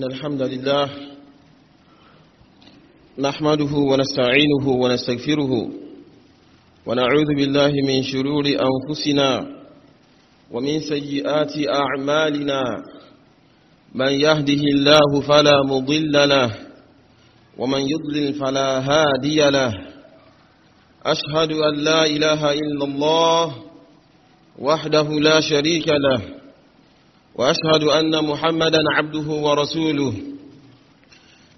إن الحمد لله نحمده ونستعينه ونستغفره ونعوذ بالله من شرور أنفسنا ومن سيئات أعمالنا من يهده الله فلا مضل له ومن يضلل فلا هادي له أشهد أن لا إله إلا الله وحده لا شريك له وأشهد أن محمدا عبده ورسوله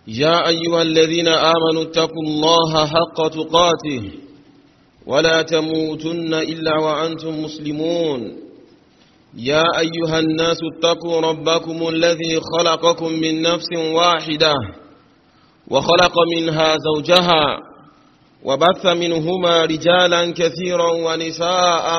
يا أيها الذين آمنوا اتقوا الله حق تقاته ولا تموتن إلا وأنتم مسلمون يا أيها الناس اتقوا ربكم الذي خلقكم من نفس واحدة وخلق منها زوجها وبث منهما رجالا كثيرا ونساء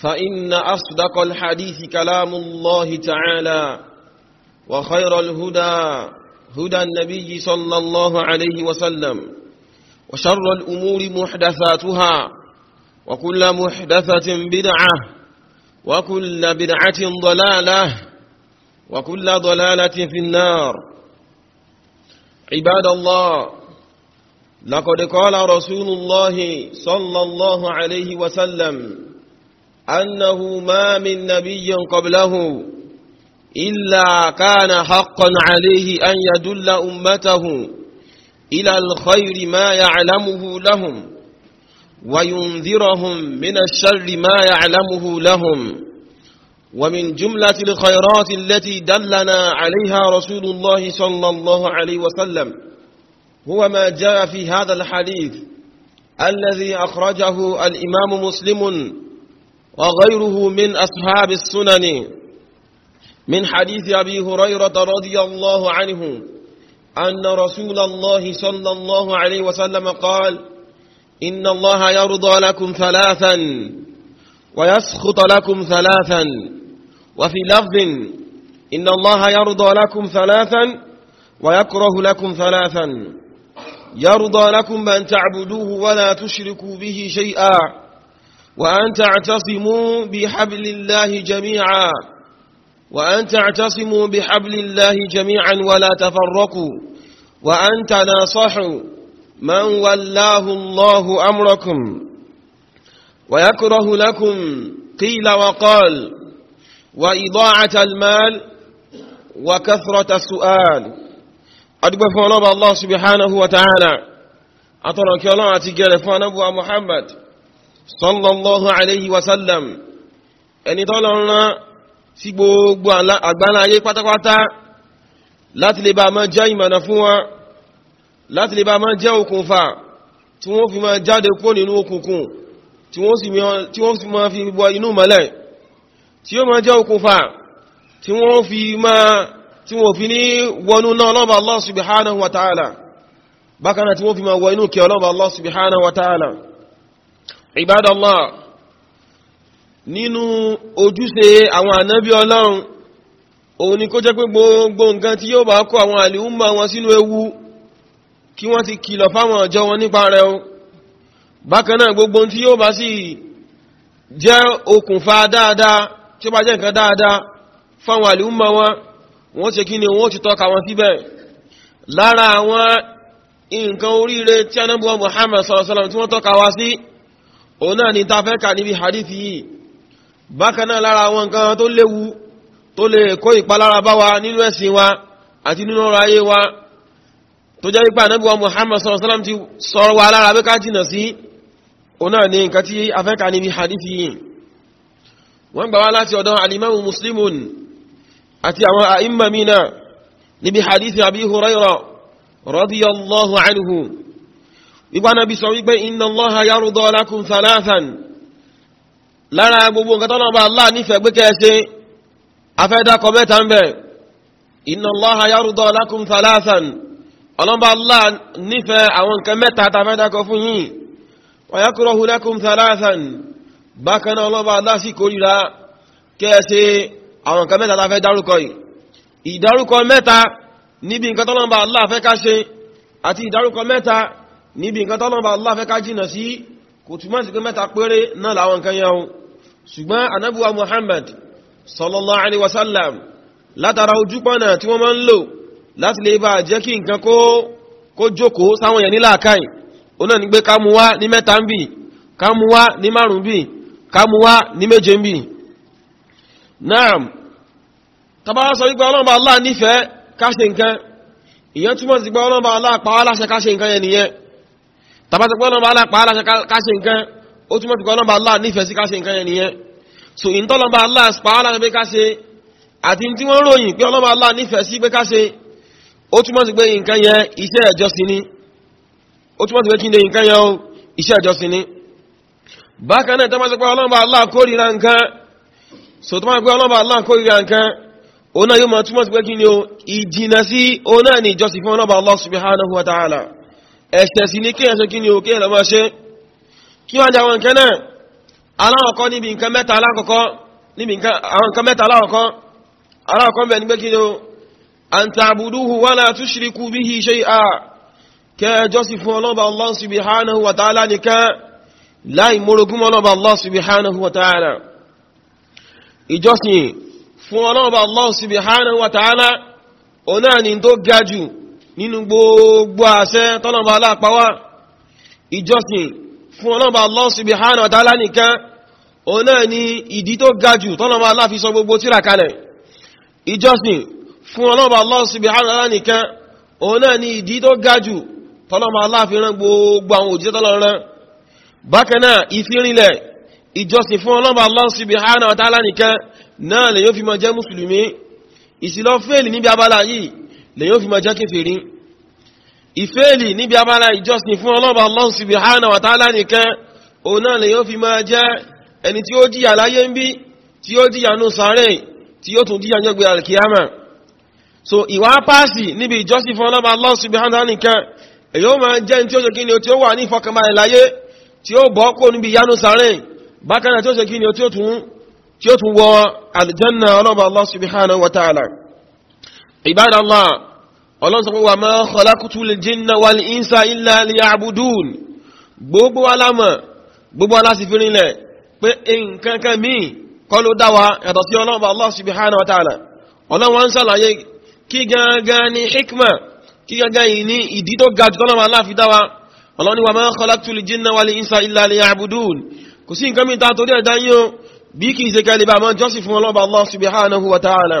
فإن أصدق الحديث كلام الله تعالى وخير الهدى هدى النبي صلى الله عليه وسلم وشر الأمور محدثاتها وكل محدثة بدعة وكل بدعة ضلالة وكل ضلالة في النار عباد الله لقد قال رسول الله صلى الله عليه وسلم أنه ما من نبي قبله إلا كان حقا عليه أن يدل أمته إلى الخير ما يعلمه لهم وينذرهم من الشر ما يعلمه لهم ومن جملة الخيرات التي دلنا عليها رسول الله صلى الله عليه وسلم هو ما جاء في هذا الحديث الذي أخرجه الإمام مسلم وغيره من أصحاب السنن من حديث أبي هريرة رضي الله عنه أن رسول الله صلى الله عليه وسلم قال إن الله يرضى لكم ثلاثا ويسخط لكم ثلاثا وفي لفظ إن الله يرضى لكم ثلاثا ويكره لكم ثلاثا يرضى لكم أن تعبدوه ولا تشركوا به شيئا وأن تعتصموا بحبل الله جميعا وأن تعتصموا بحبل الله جميعا ولا تفرقوا وأن تناصحوا من ولاه الله أمركم ويكره لكم قيل وقال وإضاعة المال وكثرة السؤال أدبر فنبى الله سبحانه وتعالى أترك الله أتجال فنبوى محمد sallallahu alayhi wa sallam ẹni tọ́lọ ń rán sí gbogbo àgbáńlá ayé pátápátá láti lè bá máa jẹ́ ìmọ̀nà fún wọn láti lè bá máa jẹ́ okùnfà tí wọ́n fi máa jáde kó nínú òkùnkùn tí wọ́n fi máa fi bọ́ inú mọ́lẹ̀ tí ó máa jẹ́ okùnfà tí wọ́n fi máa tí wọ́n fi ní wọnú náà lọ́ba Allah subhanahu wa ta'ala Ibadallah nínú ojúṣe àwọn ànábí ọlọ́run òun ni kó jẹ́ pé gbogbo nǹkan tí yóò bá kó àwọn àlìúmọ̀ wọn sínú ewu kí wọ́n ti kìlọ̀ fáwọn ọjọ́ wọn nípa rẹ̀ o bákan náà gbogbo tí yóò bá sì jẹ́ okùnfà dáadáa tí ó bá jẹ́ nǹkan dáadáa fáwọn àlìúmọ̀ wọn wọ́n ṣe kí ni wọ́n ti tọ́ka wọn síbẹ̀ lára àwọn nǹkan oríire tí anábọ̀ Muhammad sallallahu alaihi wasallam tí wọ́n tọ́ka wá sí òun náà ni ta fẹ́ kà níbi hadith yìí bákan náà lára àwọn nǹkan tó léwu tó lè kó ìpalára bá wa nínú ẹ̀sìn wa àti nínú ọrọ̀ ayé wa tó jẹ́ ipá Ànábì wa Muhammad sallallahu ti sọ̀rọ̀ wa lára bí ká jìnà sí wípé anábì sọ wípé inna Allaha yarda lakum thalathan lára gbogbo nǹkan tọ́nà bá Allah nífẹ̀ẹ́ pé kẹ́ẹ̀ṣe afẹ́dàkọ mẹ́ta ń bẹ̀ inna Allaha yarda lakum thalathan ọlọ́ba Allah nífẹ̀ẹ́ àwọn nǹkan mẹ́ta tafẹ́dàkọ fún yín wa yakrahu lakum thalathan bákan náà ọlọ́ba Allah sì kórìíra kẹ́ẹ̀ṣe àwọn nǹkan yìí ìdárúkọ mẹ́ta níbi nǹkan tọ́lọ́run bá Allah fẹ́ ká jìnà sí kò túmọ̀ sí pé mẹ́ta péré náà làwọn nǹkan yẹn ṣùgbọ́n anábùwà Muhammad sallallahu alaihi wasallam látara ojúpọ̀nà tí wọ́n máa ń lò láti lè bá jẹ́ kí nǹkan kó jókòó sáwọn èèyàn níláàkáì ó náà ní pé ká mú wá ní mẹ́ta ń bì ká mú wá ní márùn bì ká mú wá ní méje ń ìyẹn túmọ̀ sí pé ọlọ́mọba Allah pa á nǹkan yẹn nìyẹn tàbátí pé ọlọ́mbà alápàá aláṣẹ káṣe nǹkan ó túnmọ̀ fìkọ́ ọlọ́mbà aláà nífẹ̀ẹ́ sí káṣe nǹkan yẹn nìyẹn so in tọ́lọ́mbà aláà pàá aláṣẹ pé káṣe àti tí wọ́n ròyìn pé ọlọ́mbà aláà nífẹ̀ẹ́ sí pé káṣe ó túnmọ̀ sí pé nǹkan yẹn iṣẹ́ ẹ̀jọ́sìn ni ó túnmọ̀ sí pé kí ni nǹkan yẹn o iṣẹ́ ẹ̀jọ́sìn aláà kórìíra nǹkan so tọ́mọ̀ sí pé ọlọ́mbà aláà kórìíra nǹkan òun náà yóò mọ̀ túnmọ̀ sí pé kí ni o ìjìnà sí òun ni ìjọsìn fún ọlọ́mbà aláà subhanahu wa ta'ala ẹ̀ṣẹ̀ sí ní kíyàn ṣe kí ni òkè lọ́mọ́ ṣe kí wọ́n jàwọn nǹkan náà aláwọ̀kọ́ níbi nǹkan mẹ́ta alákọ̀ọ́kọ́ níbi àwọn nǹkan mẹ́ta aláwọ̀kọ́ aláwọ̀kọ́ bẹ̀ nígbé kí ni o an ta'buduhu wa la tushriku bihi shay'a kẹjọ́ sí fún ọlọ́ba Allah subhanahu wa ta'ala nínú gbogbo àṣẹ tọ́lọ̀bà aláàpáwà ìjọsìn fún ọlọ́bà Allah subhanahu wa ta'ala nìkan o náà ni ìdí tó gajù tọ́lọ̀bà aláàfi sọ gbogbo tírà kalẹ̀ ìjọsìn fún ọlọ́bà Allah subhanahu wa ta'ala nìkan o náà ni ìdí tó gajù tọ́lọ̀bà aláàfi rán gbogbo àwọn òjíṣẹ́ tọ́lọ̀ rán bákan náà ìfirinlẹ̀ ìjọsìn fún ọlọ́bà Allah subhanahu wa ta'ala nìkan náà lè yóò fi mọ jẹ́ mùsùlùmí ìsìlọ́fẹ́lì níbi abala yìí lè yóò fi máa jẹ́ kéfèrí ìfẹ́ẹ̀lì níbi abala ìjọsìn fún ọlọ́ba Allah subhanahu wa ta'ala nìkan òun náà lè yóò fi máa jẹ́ ẹni tí ó jìyà láyé ń bí tí ó jìyà nù sáré tí ó tún jìyà jẹ́gbé alkiyama so ìwà páàsì níbi ìjọsìn fún ọlọ́ba Allah subhanahu wa ta'ala nìkan èyí ó máa jẹ́ tí ó ṣe kí ni tí ó wà ní ìfọkànbalẹ̀ láyé tí ó bọ́ kó níbi ìyanu sáré bákan náà tí ibadallah ọlọ́run sọ pé wa ma khalaqtul jinna wal insa illa liya'budun gbogbo alámọ̀ gbogbo aláṣìfirinlẹ̀ pé nǹkan kan míì kọ́ ló dá wa yàtọ̀ sí ọlọ́run bá Allah subhanahu wa ta'ala ọlọ́run wá ń sàlàyé Allah subhanahu wa ta'ala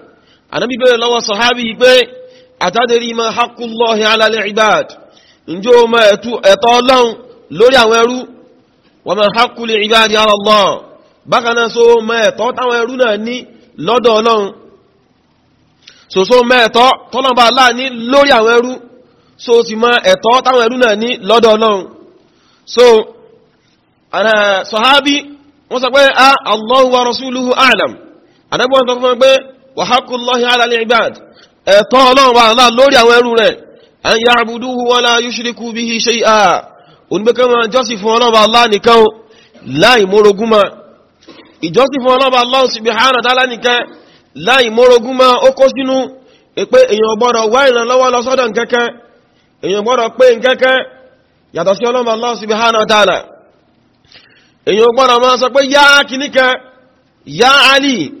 anábí bẹ̀rẹ̀ lọ́wọ́ sọ̀hábí yìí pé àtàdérí ma haqullahi ala al-ibad ǹjẹ́ o ma ẹ̀tọ́ ọlọ́run lórí àwọn ẹrú wa ma haqqul ibadi ala Allah bákan náà so ma ẹ̀tọ́ táwọn ẹrú náà ní lọ́dọ̀ ọlọ́run soso ma ẹ̀tọ́ tọ́lọ́ba Allah ní lórí àwọn ẹrú so sì ma ẹ̀tọ́ táwọn ẹrú wọ́n sọ pé a ah, Allahu wa rasuluhu a'lam anábọ́n sọ pé wa haqqullahi ala al-ibad ẹ̀tọ́ ọlọ́run wà náà lórí àwọn ẹrú rẹ̀ an ya'buduhu wa la yushriku bihi shay'a onígbẹ́kẹ́ máa jọ́sìn fún ọlọ́run Allah nìkan láì mórogúnmá ìjọ́sìn fún ọlọ́run Allah subhanahu wa ta'ala nìkan láì mórogúnmá ó Ali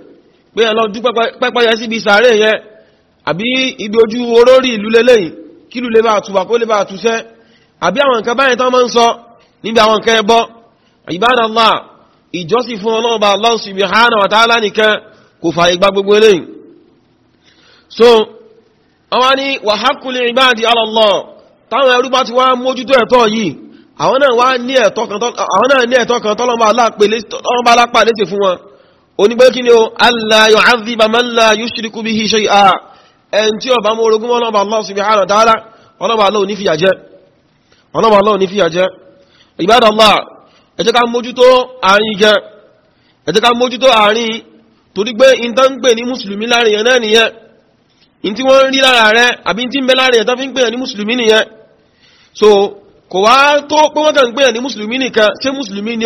pé ẹ lọ dú pẹ́pẹ́yẹ síbi sàárè yẹn àbí ibi ojú olórí ìlú lélẹ́yìn kí lù lè bá àtúbà kó lè bá àtúṣẹ́ àbí àwọn nǹkan báyìí tán máa ń sọ níbi àwọn nǹkan ẹbọ Ibadallah ìjọsìn fún ọlọ́ọ̀bà Allah subhanahu so àwọn ni wa haqqul ibadi ala Allah táwọn ẹrú bá ti wá mójútó ẹ̀tọ́ yìí àwọn náà ní ẹ̀tọ́ kan tọ́lọ́mà alápàá léṣe fún wọn onígbé kí ni ó alla yu'adhiba man la yushriku bihi shay'a ẹn tí ó bá mú orogún ọlọ́ba Allah subhanahu wa ta'ala ọlọ́ba Allah ní fìyà jẹ ọlọ́ba Allah ní fìyà jẹ ibadallah ẹ jẹ́ ká mójútó àárín jẹ ẹ jẹ́ ká mójútó àárín torí pé in tó ń pè ní mùsùlùmí láàrin yẹn náà so kò wá tó pé wọ́n kàn ń pè ní mùsùlùmí nìkan ṣé mùsùlùmí ni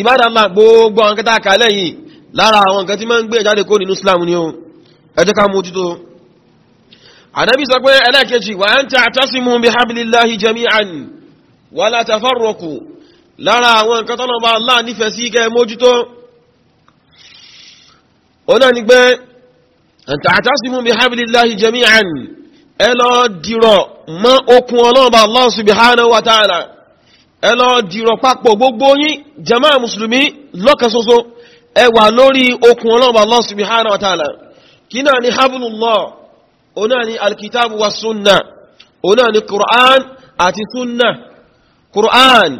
ìbádàmà gbogbo àwọn kẹta àkàlẹ̀ yìí lára àwọn nǹkan tí ma ń gbé ìjáde kó nínú Islam ni o ẹ jẹ́ ká mójútó Ànábì sọ pé ẹlẹ́kẹjì wa an ta'tasimu bihablillahi jami'an wala tafarraqu lára àwọn nǹkan tọ́nà ẹ lọ dìrọ̀ papọ̀ gbogbo yín jama musulmi lọ́kan ṣoṣo ẹ wà lórí okùn ọlọ́ọ̀bà Allah subhanahu wa ta'ala kí náà ni hablullah onáà ni alkitabu wa sunna onáà ni Qur'an àti sunna Qur'an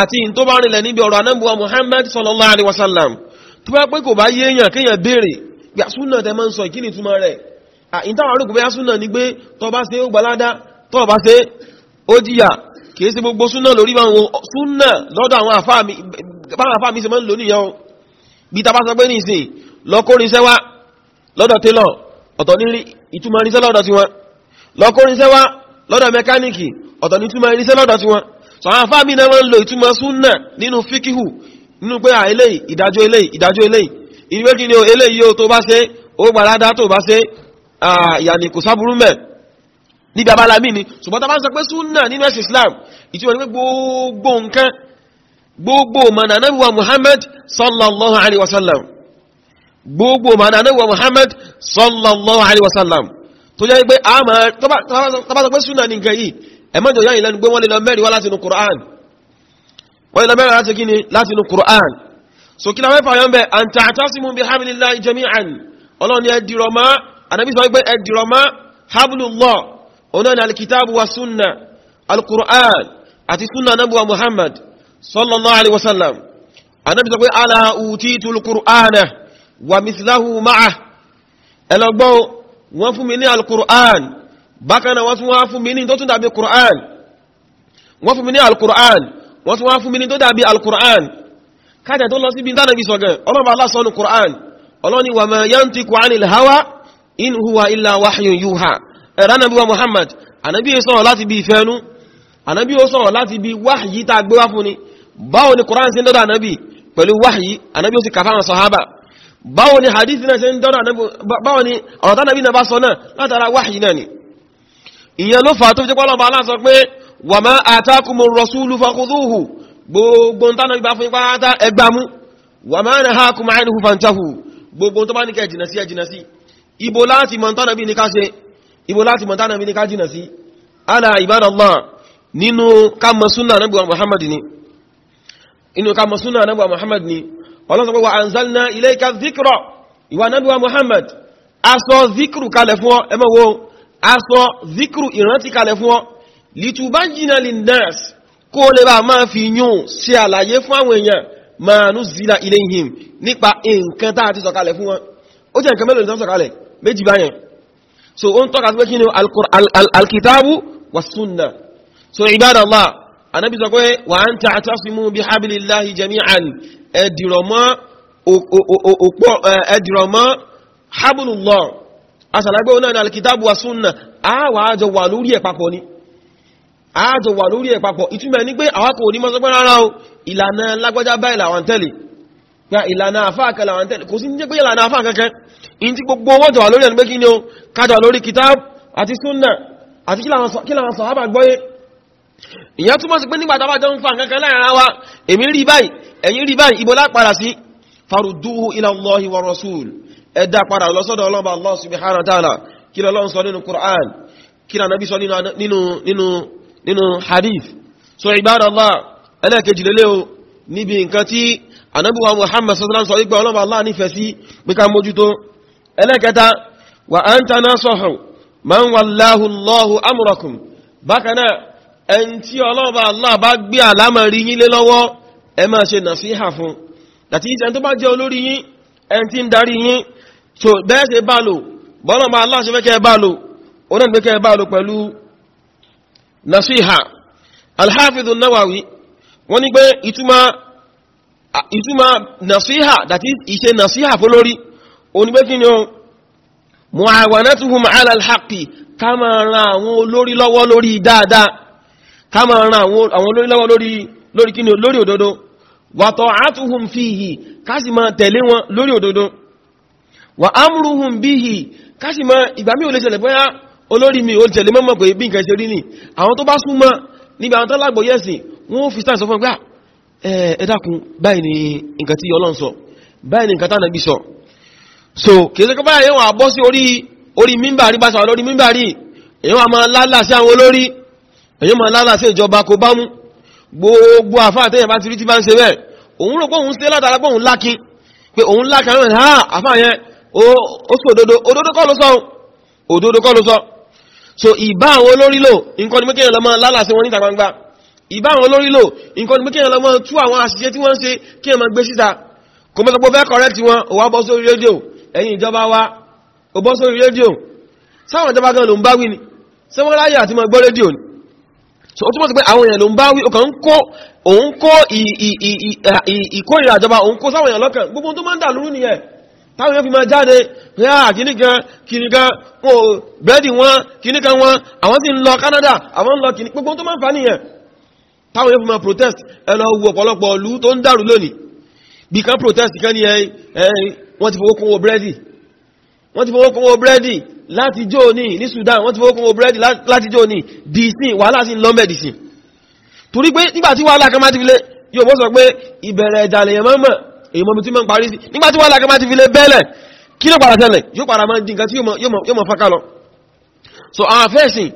àti in tó bá rìnlẹ̀ níbi ọ̀rọ̀ anábuwa Muhammad sallallahu alaihi wasallam a kìí sí gbogbo súnà lórí báwọn súnà lọ́dọ̀ àwọn àfáà mi se mọ́ ń lò níyàn bí tàbá sọ pé ní ìsìn lọ́kórinṣẹ́ wá lọ́dọ̀ télọ̀ ọ̀tọ̀ ní ìtumọ̀ irinṣẹ́ lọ́dọ̀ tí wọ́n lọ́kórinṣẹ́ wá lọ́dọ̀ mẹkáníkì ọ̀tọ̀ ní ìtumọ̀ irinṣẹ́ lọ́dọ̀ tí wọ́n sọ àwọn àfáà mi náà wọ́n ń lo ìtumọ̀ súnà nínú fíkíhù nínú pé eléyìí ìdájọ́ níbi abala mí ni ṣùgbọ́n tá bá ń sọ pé súnà nínú ẹ̀sìn Islam ìtí wọ́n ni pé gbogbo nǹkan gbogbo mọ̀nà Ànábì wa Muhammad sallallahu alaihi wasallam gbogbo mọ̀nà Ànábì wa Muhammad sallallahu alaihi wasallam tó jẹ́ pé a máa tá bá sọ pé súnà ní nǹkan yìí ẹ̀mọ́jọ yáyìn lẹ́nu pé wọ́n lè lọ mẹ́rin wá látinú Qur'an wọ́n lè lọ mẹ́rin láti kíni látinú so kí láwẹ́ fàyọ́ bẹ́ an ta'tasimu bi hablillahi jami'an ọlọ́ni ẹ̀dìrọ̀mọ́ Ànábì sọ pé ẹ̀dìrọ̀mọ́ hablullah ọ̀nà ni alkitabu wa sunna alkur'an àti sunna nabuwa muhammad sallallahu alaihi wasallam anabi sọ pé ala utitu alkur'ana wa mislahu ma'a ẹlọgbọ́ wọ́n fún mi ní alkur'an bákaná wọ́n tún wá fún mi ní tó tún dàbí kur'an wọ́n fún mi ní alkur'an wọ́n tún wá fún mi ní tó dàbí alkur'an káàdà tó lọ sí bí dánàbí ẹ̀ránàbíwa Muhammad ànábí ó sọ̀rọ̀ láti bí ìfẹ́nú ànábí ó sọ̀rọ̀ láti bí wáhìí tá gbé wá fún ni báwo ni Kùránì sí dọ́dọ̀ ànábí pẹ̀lú wáhìí ànábí ó sì kàfà sọ̀hábà hadith náà sí dọ́dọ̀ ànábí báwo ni ọ̀rọ̀ tánàbí náà bá sọ ni ìyẹn ló fà tó fi jẹ́pọ̀ lọ́ba aláṣọ pé wà má àtàkùmù rọ̀súlù fakúdúhù gbogbo tánàbí bá fún ipá ẹgbàmú wà má nà hákùmù àìníhù fantahu gbogbo tó bá ní kẹ́ jìnà sí ẹ jìnà sí ibo láti mọ̀ ní ká ṣe ibo láti mọ̀ tánàbí ní ká jìnà sí ala ibadallah nínú kama suna nabuwa muhammad ni inú kama suna nabuwa muhammad ni ọlọ́sọ̀ pé wa anzalna ilayka dhikra ìwà muhammad aṣọ zikru kalẹ̀ fún ọ ẹmọ́wọ́ aṣọ zikru ìrántí kalẹ̀ fún ọ litubayyina linnas kó lè bá máa fi yún sí àlàyé fún àwọn èèyàn ma nuzila ilayhim nípa nǹkan tá a ti sọ̀kalẹ̀ fún wọn ó jẹ́ nǹkan mélòó ni tán sọ̀kalẹ̀ méjì báyẹn so ó ń tọ́ka sí pé kí ni alkitabu wa sunna so ibadallah anábi sọ pé wa an ta'tasimu bi hablillahi jami'an ẹ̀dìrọ̀mọ́ hablullah asàlágbé onáà ní alkitabu wa sunna a wà ájọ wà lórí ẹ̀ papọ̀ ni ààjọ wà lórí ẹ̀ papọ̀ ìtumẹ̀ ní pé àwọn kò ní mọ́sọ́gbọ́n rárá o ìlànà lágbọ́já báyìí làwọn tẹ́lẹ̀ ìlànà àfáà kan làwọn tẹ́lẹ̀ kò sí ní jẹ́ pé ìlànà àfáà kankan in ti gbogbo owó jọwà lórí ẹni pé kí ni o kájọ lórí kitab àti sunna àti kí làwọn sàhábà gbọ́yé ìyẹn túnmọ̀ sí pé nígbà tá bá jọ ń fa nǹkan kan láàrin wa èmi rí báyìí ẹ̀yin rí báyìí ibo la sí farudduhu ila Allahi wa rasul ẹ̀dà padà lọ́sọ́dọ̀ ọlọ́ba Allah subhanahu wa ta'ala kí lọ́lọ́n sọ nínú Qur'an kí lọ́nà bí sọ nínú hadith so ibadallah ẹlẹ́kejìlélé o níbi nǹkan tí anábíwa Muhammad sallallahu alaihi wa sallam Allah nífẹ̀ẹ́ sí pé ká ẹlẹ́kẹta wà á ń taná sọ́hùn ma ń wàláhùlọ́hù amúrọ̀kùn bákanáà ẹn tí Allah bá gbé àlámọ̀rí yín lé lọ́wọ́ ẹ máa ṣe nàṣíhà fún dàtí ìṣẹ́ tó bá jẹ́ olórí yín ẹn tí ń darí yín so bẹ́ẹ̀ ṣe bá Allah onígbé kí ni ó mu'awanatuhum 'ala al-haqqi ká máa ran àwọn olórí lọ́wọ́ lórí dáadáa ká máa ran àwọn olórí lọ́wọ́ lórí lórí kí ni lórí òdodo wa ta'atuhum fihi ká sì máa tẹ̀lé wọn lórí òdodo wa amruhum bihi ká sì máa ìgbàmí ò lè ṣẹlẹ̀ ni àwọn tó bá súnmọ́ níbi ah, ni nǹkan tí Ọlọ́run sọ sọ so kìí sọ́kọ́ báyà yíwọ̀n àbọ́ sí orí orí mímbàrí bá sàwọn lórí mímbàrí èyàn ma lálà sí àwọn olórí èyàn ma lálà sí ìjọba kò bá mú gbogbo àfáà tẹ́yàn bá ti rí tí bá ń ṣe bẹ́ẹ̀ òun rò pọ́hun sí látara pọ́hun lákin pé òun lákin àwọn so ìbá àwọn olórí lò nǹkan ni mẹ́kẹ́yàn lọ́mọ lálà sí wọn níta gbangba ìbá àwọn olórí lò nǹkan ni mẹ́kẹ́yàn lọ́mọ tú àwọn àṣìṣe tí wọ́n ń ṣe kí ẹ ma gbé síta kò mọ́ sọ pé fẹ́ correct wọn òwà bọ́ sórí rédíò ẹ̀yin ìjọba wa ò bọ́ sórí rédíò sáwọn ìjọba gan ló ń bá wí ni ṣé láyé àti mọ̀ gbọ́ rédíò ni so ó túnmọ̀ sí pé àwọn èèyàn ló ń bá wí ọkàn ń kó òun kó ìkórìíra ìjọba òun kó sáwọn èèyàn lọ́kàn gbogbo tó máa ń dà lóru nìyẹn táwọn èèyàn fi máa Canada àwọn ń lọ kìíní gbogbo tó máa ń fa nìyẹn táwọn èèyàn fi máa protest ẹ lọ wo wọ́n ti fowó kún owó búrẹ́dì wọ́n ti fowó kún owó búrẹ́dì láti jò ní ní Sudan wọ́n ti fowó kún owó búrẹ́dì láti jò ní dìísìn wàhálà sí lọ́mẹ̀ dìísìn torí pé nígbàtí wàhálà kan má ti fi lé yóò bọ́ sọ pé ìbẹ̀rẹ̀ ìdàlẹ̀ mọ́mọ̀ èyí mọ́mí tí mọ́ ń parí sí nígbàtí wàhálà kan má ti fi lé bẹ́ẹ̀lẹ̀ kí ló padà tẹ́lẹ̀ yóò padà máa di nǹkan tí yóò mọ̀ fákà lọ so àwọn afẹ́sìn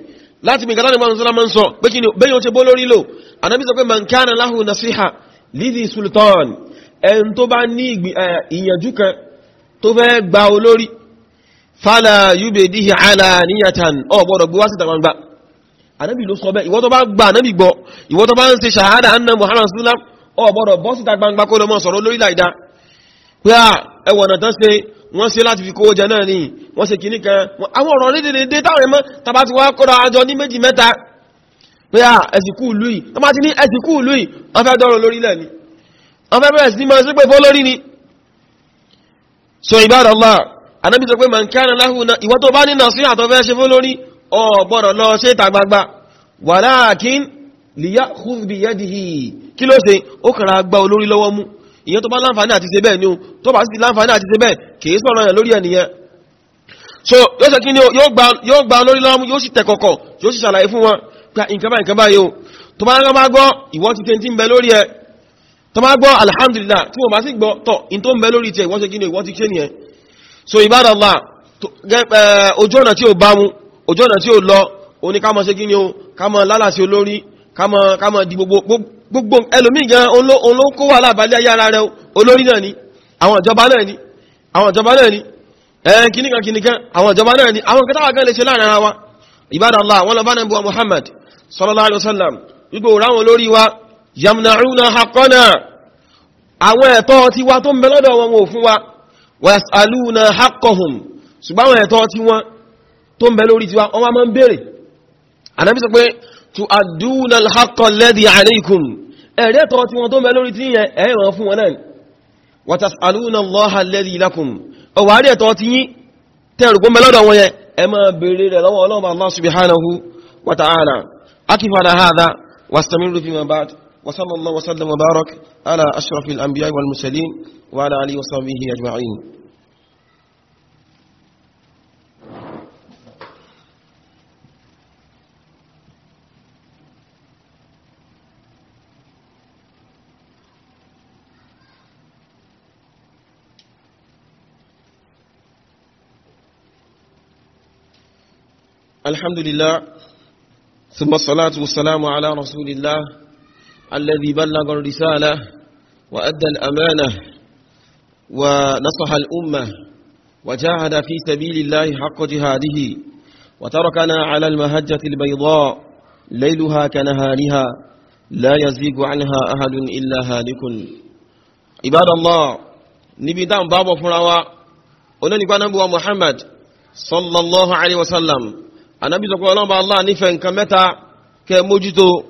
láti mi kàtàlẹ̀ mọ́mí sọ́lá máa ń sọ pé kí ni bẹ́yìn ó ṣe bó lórí lò ànábì sọ pé man kana lahu nasiha lidhi sultan ẹni tó bá ní ìyànjú kan tó fẹ́ gba olórí fàlà yúbẹ̀ díhì àlà níyàtàn ọ̀bọ̀dọ̀ gbé wá sí tàgbàgbà anábì ló sọ bẹ́ ìwọ tó bá gbà anábì gbọ́ ìwọ tó bá ń ṣe ṣàhádà anna muhammad sallam ọ̀bọ̀dọ̀ bọ́ sí tàgbàgbà kó lọmọ sọ̀rọ̀ lórí láìdá pé à ah, ẹwọ̀nà tán ṣe wọ́n ṣe láti fi kówó jẹ náà ni wọ́n ṣe kìíní kan àwọn ọ̀rọ̀ lédè lédè táwọn ẹmọ́ ah, ni so ibadallah anábi sọ pé man kana lahu na ìwọ tó bá ní nasiha tó fẹ́ ṣe fún lórí o gbọ́dọ̀ lọ ṣe ìta gbangba walakin liyakhudh biyadihi kí ló ṣe ó kàrà gba olórí lọ́wọ́ mú ìyẹn tó bá láǹfààní àti ṣe bẹ́ẹ̀ ni o tó bá sì láǹfààní àti ṣe bẹ́ẹ̀ so yóò ṣe kí ni yóò gba olórí lọ́wọ́ mú yóò sì tẹ̀kọ̀kọ̀ yóò sì ṣàlàyé fún wọn pé nǹkan báyìí nǹkan báyìí o tó bá ń gbọ́ tó máa gbọ́ alhamdulillah tí wọ́n bá sì gbọ́ tọ́ in tó ń bẹ lórí tẹ ìwọ́n ṣe gínú ìwọ́n ti ṣe nìyẹn so ìbádàlá ojú ọ̀nà tí ó bá mú ojú ọ̀nà tí ó lọ oní ká má ṣe gínú ká lálàsí olórí ká má di gbogbo ẹlòmí gan olókó wà lábàlẹ̀ ayára rẹ olórí náà ni àwọn ìjọba náà ni àwọn ìjọba náà ni ẹn kìníkan kìníkan àwọn ìjọba náà ni àwọn kẹtàwà kan lè ṣe láàrin ara wa Muhammad sallallahu alaihi wasallam gbogbo òráwọn wa yamna'una haqqana àwọn ẹ̀tọ́ ti wa tó ń bẹ lọ́dọ̀ wọn wò fún wa wasaluna haqqahum ṣùgbọ́n àwọn ẹ̀tọ́ ti wọn tó ń bẹ lórí ti wa wọ́n wá máa ń béèrè Ànábì sọ pé al-haqqa alladhi 'alaykum ẹ̀rẹ́ tọ́ ti wọn tó ń bẹ ti yẹn ẹ̀rọ fún wọn náà wa tas'aluna Allaha alladhi lakum ọwà rẹ̀ tọ́ ti yín tẹ́rù kún bẹ lọ́dọ̀ wọn yẹn ẹ máa béèrè rẹ̀ lọ́wọ́ Ọlọ́run Allah subhanahu wa ta'ala akifada hadha wastamiru fima ba'd وصلى الله وسلم وبارك على أشرف الأنبياء والمرسلين وعلى آله وصحبه أجمعين الحمد لله ثم الصلاة والسلام على رسول الله الذي بلغ الرسالة وأدى الأمانة ونصح الأمة وجاهد في سبيل الله حق جهاده وتركنا على المهجة البيضاء ليلها كنهارها لا يزيغ عنها أهل إلا هالك عباد الله دام باب فراوة ونبقى نبوة محمد صلى الله عليه وسلم النبي صلى الله نفن كمتا nífẹ̀ẹ́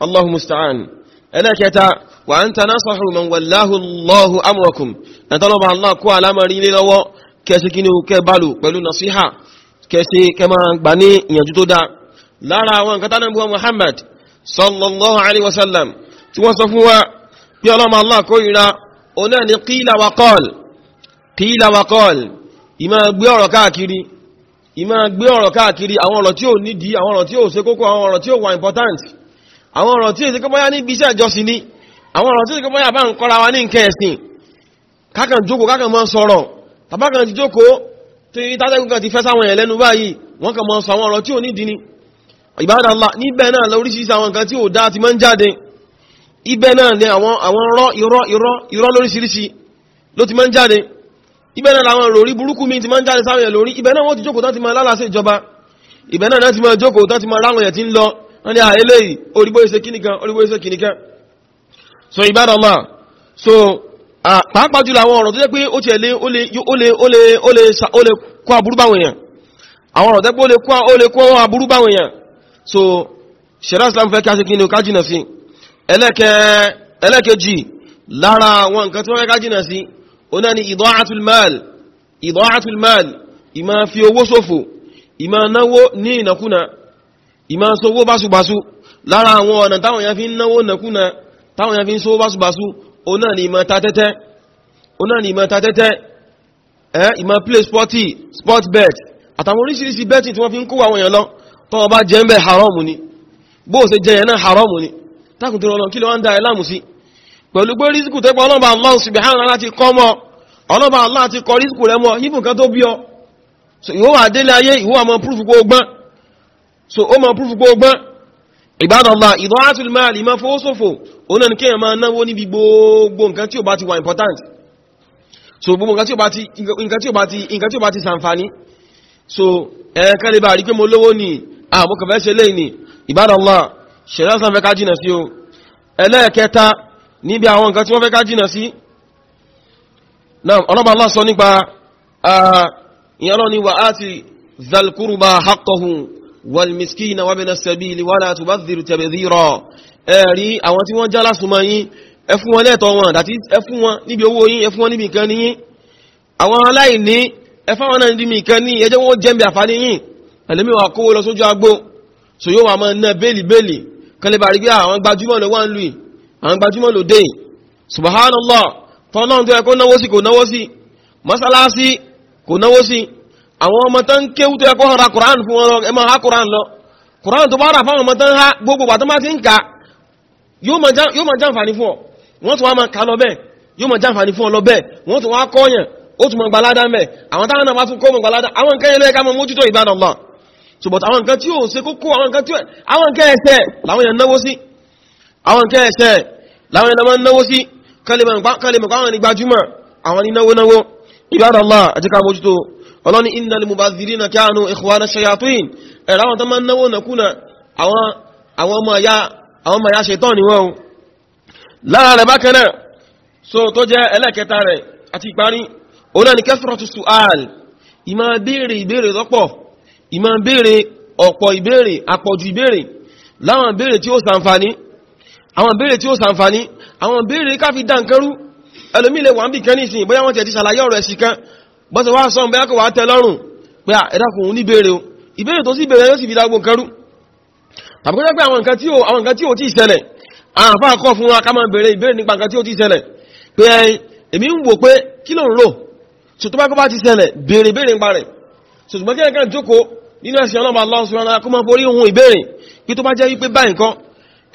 Allahu musta'an ẹlẹ́kẹta wa an tanasahu man wallahu Allahu amrakum ẹ̀tọ́lọ́bà Allah kó alámàrí ilé lọ́wọ́ kẹsí kí ní kẹ bálù pẹ̀lú nasiha kẹsí kẹ máa gbà ní ìyànjú tó dá lára àwọn nǹkan tánà buwa Muhammad sallallahu alaihi wasallam tí wọ́n sọ fún wa pí ọlọ́mà Allah kó ìra oná ní qila wa qal qila wa qal àwọn ọ̀rọ̀ tí èsì kọ́bọ́yá ní ibi iṣẹ́ ìjọsìn ní àwọn ọ̀rọ̀ tí èsì kọ́bọ́yá bá ń kọ́ra wa ní nǹkan ẹ̀sìn kákan jókòó kákan mọ́ sọ̀rọ̀ tàbákan ti jókòó tí tátẹ́gùn ti fẹ́ sáwọn èèyàn dini ìbádàlá níbẹ̀ náà lọ oríṣiríṣi àwọn nǹkan tí ò dáa ti máa ń jáde ibẹ̀ náà ni àwọn rọ́ irọ́ irọ́ irọ́ lóríṣiríṣi ló ti máa mi ti máa ń jáde sáwọn èèyàn lórí ibẹ̀ náà wọ́n ti jókòó tán ti máa lálàá sí ìjọba ń lọ wọ́n ni à ah, eléyìí orígbó iṣẹ́ kìnìkan orígbó iṣẹ́ kìnìkan so ibadallah so pàápàá jùlọ àwọn ọ̀rọ̀ tó jẹ́ pé ó ti ẹ̀lé ó lè kó aburú báwọn èèyàn àwọn ọ̀rọ̀ tẹ́pẹ́ ó lè kó aburú báwọn so ṣẹ̀rá islam fẹ́ káṣe kí ni ká jìnà sí ẹlẹ́kẹjì lára àwọn nǹkan tí wọ́n fẹ́ ká jìnà sí ó náà ni ida'atul mal ida'atul mal ìmá fi owó ṣòfò ìmá náwó ní ìnàkúnà ìmá sówó básubású lára àwọn ọ̀nà táwọn ya fi ń náwó nàkúnà táwọn ya fi ń sówó básubású ọ̀nà ni ìmá ta tẹ́tẹ́ ni ìmá ta tẹ́tẹ́ ẹ́ ìmá play sporty sports bet àtàwọn oríṣiríṣi betting tí wọ́n fi ń kó àwọn èèyàn lọ tọ́wọ́ bá jẹ́ ń bẹ́ haramu ni bó ṣe jẹ́ yẹn náà haramu ni tákùntún ọlọ́n kí ló wá ń da ẹlámù sí pẹ̀lú pé rísíkù tẹ́gbọ́ ọlọ́ba Allah subhanahu Allah ti kọ rísíkù rẹ ayé ìwọ́wà mọ́ púrùfù kó gbọ́n so ó ma púrúfù gbogbo Ibadallah idaatul mal ma fowó sófò ó náà ní kí ẹ ma náwó níbi gbogbo nǹkan tí ó bá ti wà important so gbogbo nǹkan tí ó bá ti nǹkan tí ó bá ti sàǹfàní so ẹ̀ẹ̀kan lè bá rí pé mo lówó ní àmúkàfẹ́ ṣe lè ní Ibadallah ṣẹ̀rẹ́ sàn fẹ́ ká jìnà sí o ẹlẹ́ẹ̀kẹta níbi àwọn nǹkan tí wọ́n fẹ́ ká jìnà sí náà ọlọ́bà Allah sọ nípa ìyànlọ́ ni wà ati ti zalkuruba haqqahu والمسكين وابن السبيل ولا تبذر تبذيرا ẹ̀rí àwọn tí wọ́n jálá súnmọ́ yín ẹ fún wọn lẹ́tọ̀ọ́ wọn àti ẹ fún wọn níbi owó yín ẹ fún wọn níbi nǹkan ní yín àwọn aláìní ẹ fáwọn náà níbi nǹkan ní ẹjẹ́ wọ́n jẹ́ mẹ́ àfáàní yín ẹlẹ́mí wà kówó lọ sójú agbó so yóò wà máa ná bẹ́ẹ̀lì bẹ́ẹ̀lì kẹlẹ́bà rí bí ah, àwọn gbajúmọ̀ ló wà ń lù yìí àwọn gbajúmọ̀ ló dé subhanallah tọ́lọ́run tó yẹ kó náwó sí kò náwó sí mọ́sálásí kò náwó sí àwọn ọmọ tán kéwú tó ẹkọ́ ọ̀rá kùrán fún wọn ẹ máa ha kùrán lọ kùrán tó bá rà fáwọn ọmọ tán ha gbogbo bàtán bá ti ń ka yóò máa jàǹfààní fún ọ wọ́n tún wá máa ka lọ bẹ́ẹ̀ yóò máa jàǹfààní fún ọ lọ bẹ́ẹ̀ wọ́n tún wá kọ́yàn ó tún máa gbalada mẹ́ Allah táwọn náà bá tún kọ́ máa gbalada àwọn nǹkan yẹn lẹ́ẹ̀ká máa mójútó ìbádàn lọ ṣùgbọ́n àwọn nǹkan tí ó ṣe kókó àwọn nǹkan tí ó àwọn nǹkan ẹ̀ṣẹ̀ làwọn yẹn náwó sí àwọn àti ká mójútó ọlọ́ni indal mubaziri na kíánu ikhwana shayatin ẹ̀rọ àwọn tó máa ń náwó nàkúnà àwọn ọmọ ya ṣetán ni wọ́n lára rẹ̀ bákan náà so tó jẹ́ ẹlẹ́kẹta rẹ̀ àti ìparí onáni kathratu su'al ìmá béèrè ìbéèrè lọ́pọ̀ ìmá béèrè ọ̀pọ̀ ìbéèrè àpọ̀jù ìbéèrè láwọn béèrè tí ó ṣàǹfààní àwọn béèrè tí ó ṣàǹfààní àwọn béèrè káfí dáǹkẹrú ẹlòmílẹ̀ wà bọ́sẹ̀ wá sọ bẹ́ẹ̀ kọ̀ wá tẹ́ lọ́rùn pé ẹ̀dàkùn ní béèrè o ìbéèrè tó sì béèrè yóò sì fi dágbò kẹrù tàbí pé àwọn nǹkan tí ó ti ṣẹlẹ̀ àǹfà kọ́ fún wa ká máa béèrè ìbéèrè nípa nǹkan tí ó ti ṣẹlẹ̀ pé èmi ń wò pé kí ló ń rò so tó bá kọ́ bá ti ṣẹlẹ̀ béèrè béèrè nípa rẹ̀ so ṣùgbọ́n kẹ́rẹ̀ kan jókòó nínú ẹ̀sìn ọlọ́mọ aláwọ̀sùn ara kó máa forí ohun ìbéèrè pé tó bá jẹ́ wípé báyìí kan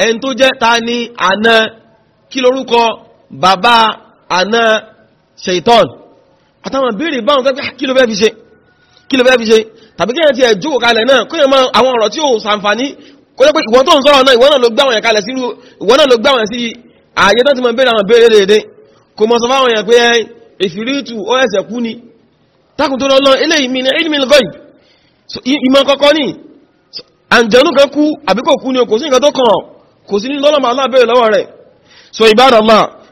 ẹni tó jẹ́ ta ni àna kí àtàwọn béèrè báwọn tẹ́ ah, kí ló fẹ́ fi ṣe kí ló fẹ́ fi ṣe tàbí kí ẹ̀ ti ẹ̀jọ́ kalẹ̀ náà kó yẹn mọ́ àwọn ọ̀rọ̀ tí ó sàǹfàní kó yẹ pé ìwọ́n tó ń sọ̀rọ̀ náà ìwọ́n náà ló gbáwọn yẹn kalẹ̀ sí ìwọ́n náà ló gbáwọn sí ààyè tó ti mọ̀ béèrè àwọn béèrè dédé kò mọ̀ sọ fáwọn yẹn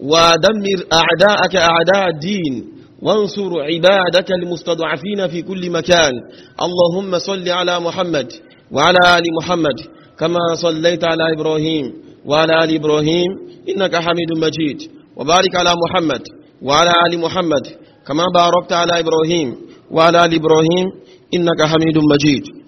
ودمر أعداءك أعداء الدين وانصر عبادك المستضعفين في كل مكان اللهم صل على محمد وعلى آل محمد كما صليت على إبراهيم وعلى آل إبراهيم إنك حميد مجيد وبارك على محمد وعلى آل محمد كما باركت على إبراهيم وعلى آل إبراهيم إنك حميد مجيد